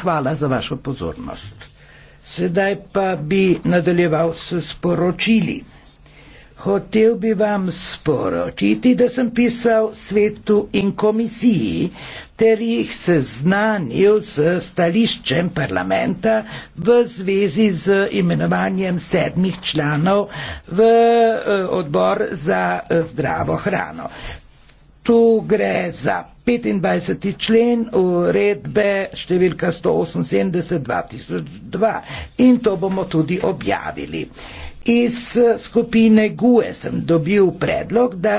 Hvala za vašo pozornost. Sedaj pa bi nadaljeval s sporočili. Hotel bi vam sporočiti, da sem pisal svetu in komisiji ter jih seznanil s stališčem parlamenta v zvezi z imenovanjem sedmih članov v eh, odbor za eh, zdravo hrano. Tu gre za 25. člen uredbe številka 178-2002 in to bomo tudi objavili. Iz skupine GUE sem dobil predlog, da